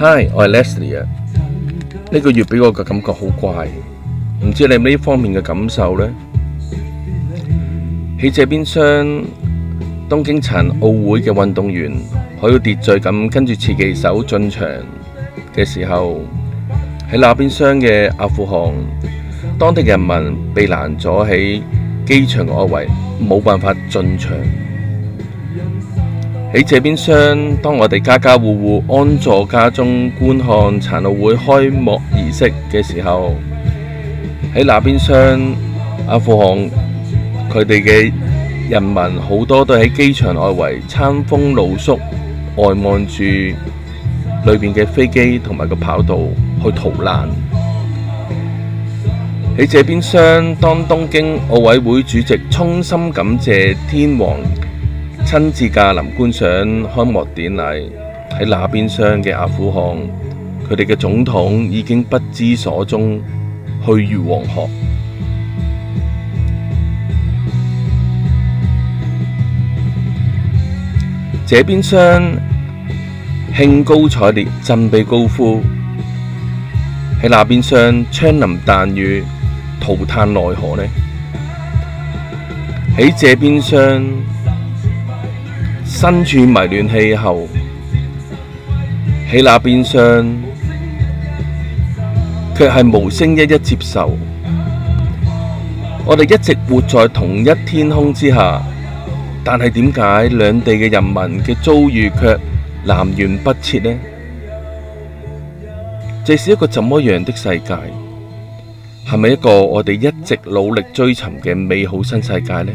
Hi，我係 Leslie 啊。呢、這個月畀我嘅感覺好怪，唔知你有冇呢方面嘅感受呢？喺這邊廂東京殘奧會嘅運動員可以秩序咁跟住旗手進場嘅時候，喺那邊廂嘅阿富汗當地人民被攔咗喺機場嘅外圍，冇辦法進場。在這邊廂，當我哋家家戶戶安坐家中觀看殘奧會開幕儀式嘅時候，喺那邊廂，阿富汗佢哋嘅人民好多都喺機場外圍餐風露宿，外望住裏邊嘅飛機同埋個跑道去逃難。喺這邊廂，當東京奧委會主席衷心感謝天皇。親自駕臨觀賞開幕典禮，喺那邊廂嘅阿富汗，佢哋嘅總統已經不知所蹤，去如黃鶴。這邊廂興高采烈，振臂高呼；喺那邊廂槍林彈雨，徒嘆奈何呢？喺這邊廂，身處迷亂氣候，喺那邊上，卻係無聲一一接受。我哋一直活在同一天空之下，但係點解兩地嘅人民嘅遭遇卻南轅北轍呢？這是一個怎麼樣的世界？係咪一個我哋一直努力追尋嘅美好新世界呢？